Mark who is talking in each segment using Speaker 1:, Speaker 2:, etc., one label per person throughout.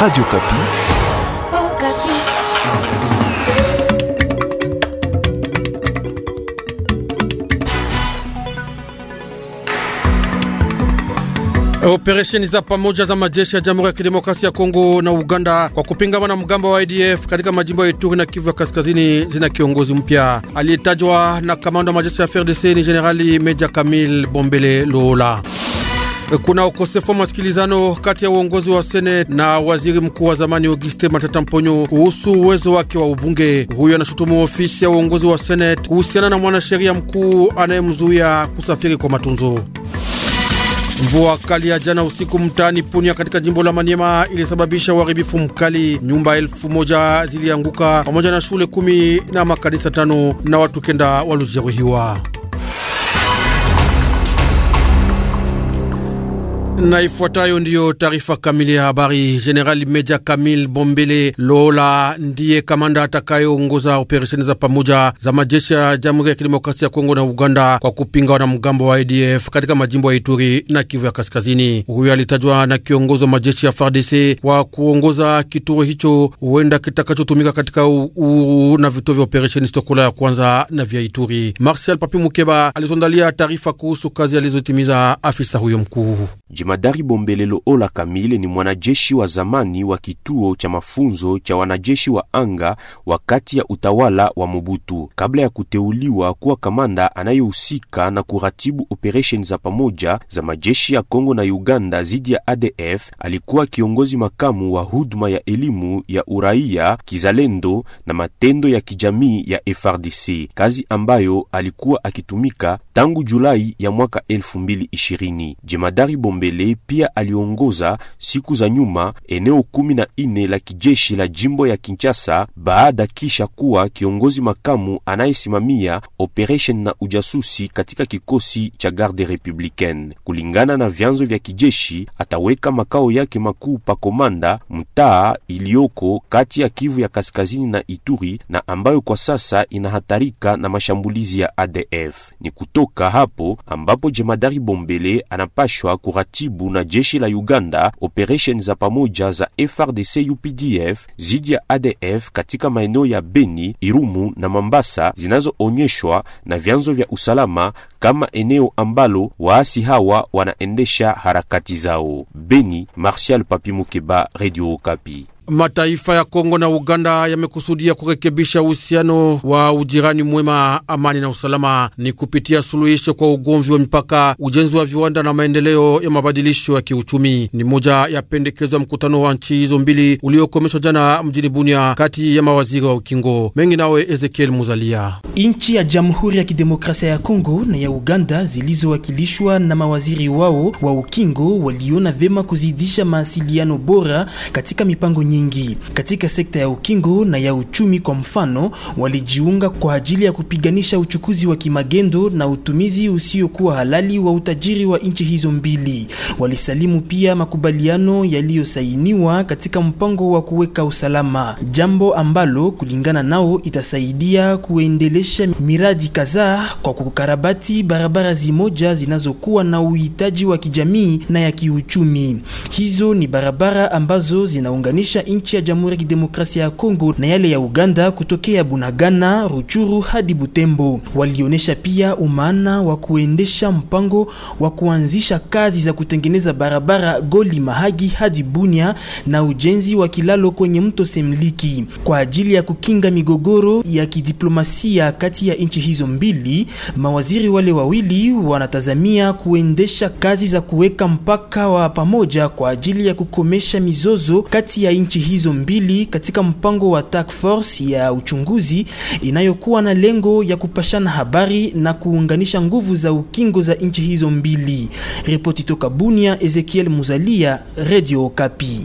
Speaker 1: Radio Kapi. Oh,
Speaker 2: Kapi.
Speaker 3: Operesheni za pamoja za majeshi ya Jamhuri ya Kidemokrasia ya Kongo na Uganda kwa kupinga na mgambo wa idf katika majimbo ya Ituri na Kivu ya Kaskazini zina kiongozi mpya aliyetajwa na kamanda wa majeshi ya FARDC ni Generali Meja Kamil Bombele Loola. Kuna ukosefu wa masikilizano kati ya uongozi wa Sene na waziri mkuu wa zamani Auguste Matata Mponyo kuhusu uwezo wake wa ubunge. Huyo anashutumu ofisi ya uongozi wa seneti kuhusiana na mwanasheria mkuu anayemzuia kusafiri kwa matunzo. Mvua kali ya jana usiku mtaani Punia katika jimbo la Maniema ilisababisha uharibifu mkali. Nyumba elfu moja zilianguka pamoja na shule kumi na makanisa tano na watu kenda walijeruhiwa. na ifuatayo ndiyo taarifa kamili ya habari. Jenerali Meja Kamil Bombele Lola ndiye kamanda atakayeongoza operesheni za pamoja za majeshi ya Jamhuri ya Kidemokrasia ya Kongo na Uganda kwa kupinga wanamgambo wa ADF katika majimbo ya Ituri na Kivu ya Kaskazini. Huyo alitajwa na kiongozi wa majeshi ya FARDC wa kuongoza kituo hicho huenda kitakachotumika katika uhuru na vituo vya operesheni Sokola ya kwanza na vya Ituri. Marsial Papi Mukeba alitondalia taarifa kuhusu kazi alizotimiza afisa huyo mkuu.
Speaker 1: Jemadari Bombelelo Ola Kamile ni mwanajeshi wa zamani wa kituo cha mafunzo cha wanajeshi wa anga wakati ya utawala wa Mobutu, kabla ya kuteuliwa kuwa kamanda anayehusika na kuratibu operesheni za pamoja za majeshi ya Kongo na Uganda zidi ya ADF. Alikuwa kiongozi makamu wa huduma ya elimu ya uraia, kizalendo na matendo ya kijamii ya FRDC, kazi ambayo alikuwa akitumika tangu Julai ya mwaka 2020. Jemadari Bombe mbele pia aliongoza siku za nyuma eneo kumi na ine la kijeshi la jimbo ya Kinshasa baada kisha kuwa kiongozi makamu anayesimamia operation na ujasusi katika kikosi cha Garde Republicaine. Kulingana na vyanzo vya kijeshi, ataweka makao yake makuu pa Komanda, mtaa iliyoko kati ya Kivu ya Kaskazini na Ituri na ambayo kwa sasa inahatarika na mashambulizi ya ADF. Ni kutoka hapo ambapo jemadari Bombele anapashwa kurati Tibu na jeshi la Uganda operation za pamoja za FRDC UPDF zidi ya ADF katika maeneo ya Beni, Irumu na Mambasa zinazoonyeshwa na vyanzo vya usalama kama eneo ambalo waasi hawa wanaendesha harakati zao. Beni, Martial Papi Mukeba, Radio Okapi.
Speaker 3: Mataifa ya Kongo na Uganda yamekusudia kurekebisha uhusiano wa ujirani mwema, amani na usalama, ni kupitia suluhisho kwa ugomvi wa mipaka, ujenzi wa viwanda na maendeleo ya mabadilisho ya kiuchumi. Ni moja ya pendekezo ya mkutano wa nchi hizo mbili uliokomeshwa jana mjini Bunia kati ya mawaziri wa ukingo mengi. Nawe Ezekiel Muzalia.
Speaker 4: Nchi ya Jamhuri ya Kidemokrasia ya Kongo na ya Uganda zilizowakilishwa na mawaziri wao wa ukingo waliona vema kuzidisha mawasiliano bora katika mipango nyingi nyingi katika sekta ya ukingo na ya uchumi. Kwa mfano, walijiunga kwa ajili ya kupiganisha uchukuzi wa kimagendo na utumizi usiokuwa halali wa utajiri wa nchi hizo mbili. Walisalimu pia makubaliano yaliyosainiwa katika mpango wa kuweka usalama, jambo ambalo kulingana nao itasaidia kuendelesha miradi kadhaa kwa kukarabati barabara zimoja zinazokuwa na uhitaji wa kijamii na ya kiuchumi. Hizo ni barabara ambazo zinaunganisha nchi ya Jamhuri ya Kidemokrasia ya Kongo na yale ya Uganda kutokea Bunagana, Ruchuru hadi Butembo. Walionyesha pia umaana wa kuendesha mpango wa kuanzisha kazi za kutengeneza barabara Goli Mahagi hadi Bunia na ujenzi wa kilalo kwenye mto Semliki kwa ajili ya kukinga migogoro ya kidiplomasia kati ya nchi hizo mbili. Mawaziri wale wawili wanatazamia kuendesha kazi za kuweka mpaka wa pamoja kwa ajili ya kukomesha mizozo kati ya nchi hizo mbili katika mpango wa task force ya uchunguzi inayokuwa na lengo ya kupashana habari na kuunganisha nguvu za ukingo za nchi hizo mbili. Ripoti toka Bunia, Ezekiel Muzalia, Radio Kapi.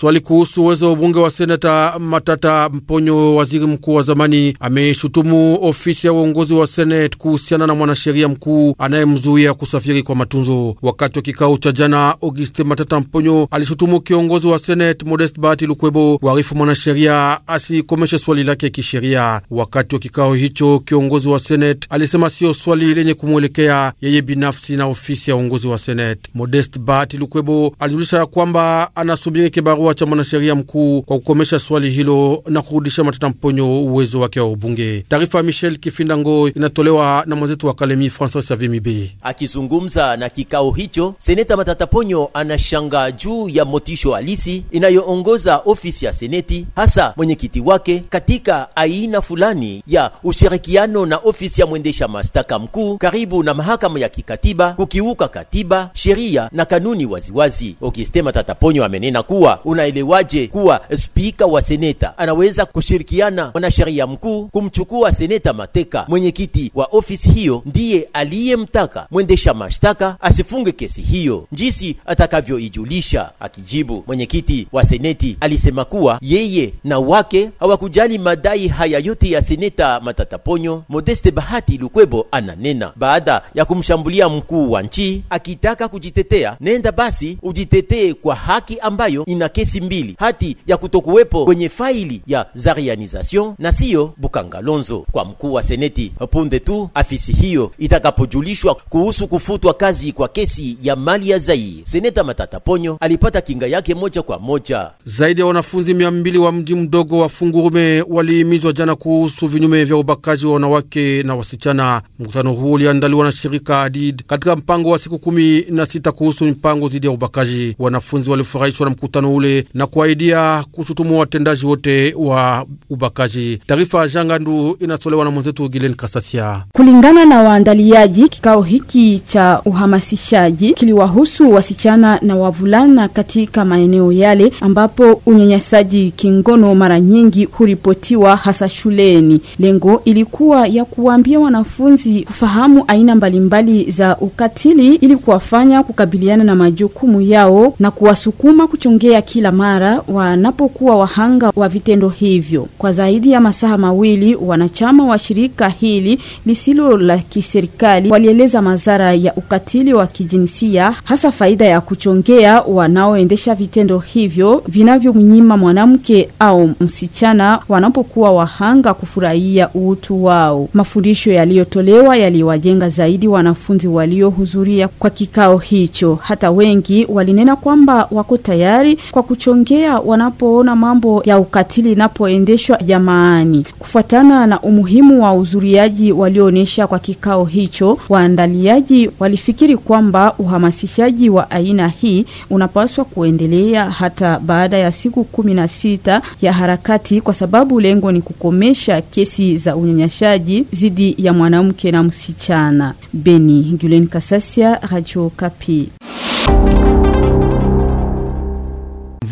Speaker 3: Swali kuhusu uwezo wa ubunge wa seneta Matata Mponyo, waziri mkuu wa zamani, ameshutumu ofisi ya uongozi wa seneti kuhusiana na mwanasheria mkuu anayemzuia kusafiri kwa matunzo. Wakati wa kikao cha jana, Auguste Matata Mponyo alishutumu kiongozi wa seneti Modest Bahati Lukwebo warifu mwanasheria asikomeshe swali lake kisheria. Wakati wa kikao hicho, kiongozi wa seneti alisema siyo swali lenye kumwelekea yeye binafsi na ofisi ya uongozi wa seneti. Modest Bahati Lukwebo alijulisha kwamba anasubiri kibarua barua cha mwanasheria mkuu kwa kukomesha swali hilo na kurudisha Matata Mponyo uwezo wake wa ubunge. Taarifa ya Michel Kifindango inatolewa na mwenzetu wa Kalemi, Francois Savimibe.
Speaker 5: Akizungumza na kikao hicho, seneta Matata Ponyo anashanga juu ya motisho halisi inayoongoza ofisi ya seneti, hasa mwenyekiti wake katika aina fulani ya ushirikiano na ofisi ya mwendesha mashtaka mkuu karibu na mahakama ya kikatiba, kukiuka katiba, sheria na kanuni waziwazi. Ogiste Matata Ponyo amenena kuwa unaelewaje kuwa spika wa seneta anaweza kushirikiana mwanasheria mkuu kumchukua seneta mateka? Mwenyekiti wa ofisi hiyo ndiye aliyemtaka mwendesha mashtaka asifunge kesi hiyo jinsi atakavyoijulisha. Akijibu, mwenyekiti wa seneti alisema kuwa yeye na wake hawakujali madai haya yote ya seneta Matataponyo. Modeste Bahati Lukwebo ananena baada ya kumshambulia mkuu wa nchi akitaka kujitetea, nenda basi ujitetee kwa haki ambayo ina kesi kesi mbili, hati ya kutokuwepo kwenye faili ya zarianization na siyo Bukangalonzo. Kwa mkuu wa seneti, punde tu afisi hiyo itakapojulishwa kuhusu kufutwa kazi kwa kesi ya mali ya Zai, seneta Matata Ponyo alipata kinga yake moja kwa moja.
Speaker 3: Zaidi ya wanafunzi mia mbili wa mji mdogo wa Fungurume walihimizwa jana kuhusu vinyume vya ubakaji wa wanawake na wasichana. Mkutano huu uliandaliwa na shirika Adid katika mpango wa siku kumi na sita kuhusu mipango dhidi ya ubakaji. Wanafunzi walifurahishwa na mkutano ule na kuahidia kushutumu watendaji wote wa ubakaji. Taarifa ya Jangandu inatolewa na mwenzetu Gilen Kasasia.
Speaker 2: Kulingana na waandaliaji, kikao hiki cha uhamasishaji kiliwahusu wasichana na wavulana katika maeneo yale ambapo unyanyasaji kingono mara nyingi huripotiwa hasa shuleni. Lengo ilikuwa ya kuwaambia wanafunzi kufahamu aina mbalimbali za ukatili ili kuwafanya kukabiliana na majukumu yao na kuwasukuma kuchongea ki kila mara wanapokuwa wahanga wa vitendo hivyo. Kwa zaidi ya masaha mawili, wanachama wa shirika hili lisilo la kiserikali walieleza madhara ya ukatili wa kijinsia, hasa faida ya kuchongea wanaoendesha vitendo hivyo vinavyomnyima mwanamke au msichana wanapokuwa wahanga kufurahia utu wao. Mafundisho yaliyotolewa yaliwajenga zaidi wanafunzi waliohudhuria kwa kikao hicho. Hata wengi walinena kwamba wako tayari kwa kuchongea wanapoona mambo ya ukatili inapoendeshwa jamaani. Kufuatana na umuhimu wa uzuriaji walioonyesha kwa kikao hicho, waandaliaji walifikiri kwamba uhamasishaji wa aina hii unapaswa kuendelea hata baada ya siku kumi na sita ya harakati, kwa sababu lengo ni kukomesha kesi za unyanyashaji dhidi ya mwanamke na msichana. Beni Gulen Kasasia, Radio Kapi.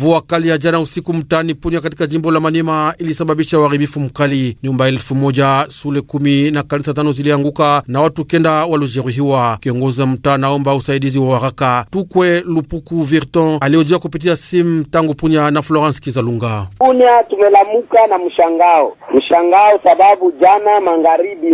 Speaker 3: Mvua kali ya jana usiku mtaani Punya katika jimbo la manima ilisababisha uharibifu mkali. Nyumba elfu moja, shule kumi na kanisa tano zilianguka na watu kenda waliojeruhiwa. Kiongozi wa mtaa naomba usaidizi wa haraka. Tukwe Lupuku Virton aliojia kupitia simu tangu Punya na Florence Kizalunga.
Speaker 6: Punya tumelamuka na mshangao, mshangao sababu jana magharibi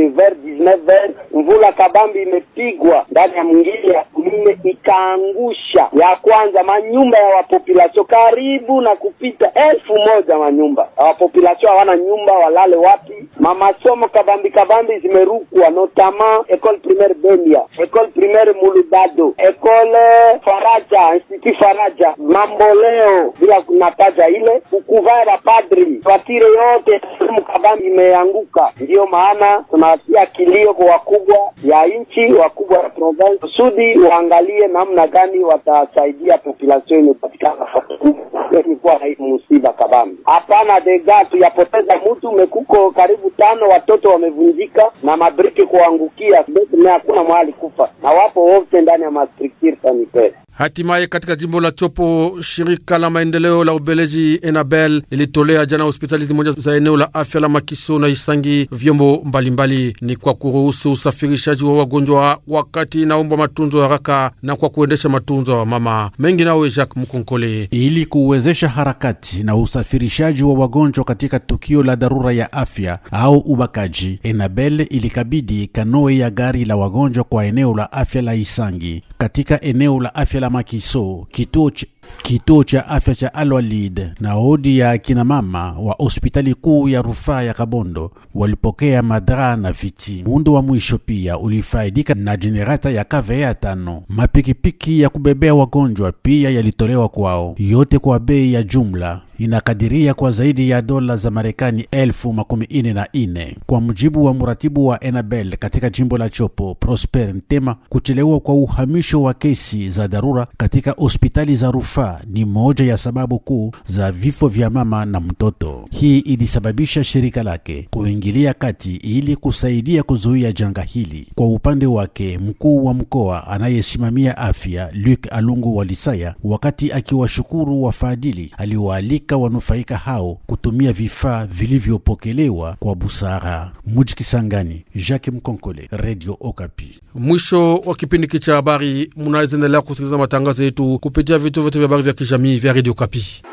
Speaker 6: mvula kabambi imepigwa ndani ya mwingine ya kumine ikaangusha ya kwanza manyumba ya wapopulasio kari karibu na kupita elfu moja wa nyumba population hawana nyumba, walale wapi? Mamasomo kabambi kabambi zimerukwa, notama ekole primaire Bemia, ekole primaire muludado ekole Faraja, institut Faraja, mamboleo bila kunataja ile kukuvara padri fatire yote kabambi imeanguka. Ndiyo maana tunatia kilio kwa wakubwa ya nchi, wakubwa ya province, kusudi waangalie namna gani watasaidia population inayopatikana ingekuwa musiba kabambi. Hapana dega, tuyapoteza mtu mekuko karibu tano, watoto wamevunjika na mabriki kuangukia, hakuna mahali kufa na wapo wote ndani ya mastriktir sanitaire.
Speaker 3: Hatimaye katika jimbo la Chopo, shirika la maendeleo la Ubeleji Enabel lilitolea jana hospitali zimoja za eneo la afya la Makiso na Isangi vyombo mbalimbali, ni kwa kuruhusu usafirishaji wa wagonjwa wakati inaombwa matunzo haraka na kwa kuendesha matunzo ya wamama mengi. Nawe Jacques Mkonkole, ili kuwezesha
Speaker 7: harakati na usafirishaji wa wagonjwa katika tukio la dharura ya afya au ubakaji, Enabel ilikabidi kanoe ya gari la wagonjwa kwa eneo la afya la Isangi katika eneo la afya Kabela Makiso, kituo Kituo cha afya cha Alwalid na wodi ya akinamama wa hospitali kuu ya rufaa ya Kabondo walipokea madhara na viti. Muundo wa mwisho pia ulifaidika na jenerata ya ya tano. Mapikipiki ya kubebea wagonjwa pia yalitolewa kwao, yote kwa bei ya jumla inakadiria kwa zaidi ya dola za Marekani elfu makumi ine na ine kwa mujibu wa mratibu wa Enabel katika jimbo la Chopo, Prosper Ntema. Kuchelewa kwa uhamisho wa kesi za dharura katika hospitali za rufaa kufa ni moja ya sababu kuu za vifo vya mama na mtoto. Hii ilisababisha shirika lake kuingilia kati ili kusaidia kuzuia janga hili. Kwa upande wake, mkuu wa mkoa anayesimamia afya Luke Alungu wa Lisaya, wakati akiwashukuru wafadhili, aliwaalika wanufaika hao kutumia vifaa vilivyopokelewa kwa busara. Muji Kisangani, Jacques Mkonkole, Radio Okapi.
Speaker 3: Mwisho wa kipindi cha habari, mnaweza endelea kusikiliza matangazo yetu kupitia vitu vyote vya jamais vya kijamii vers Radio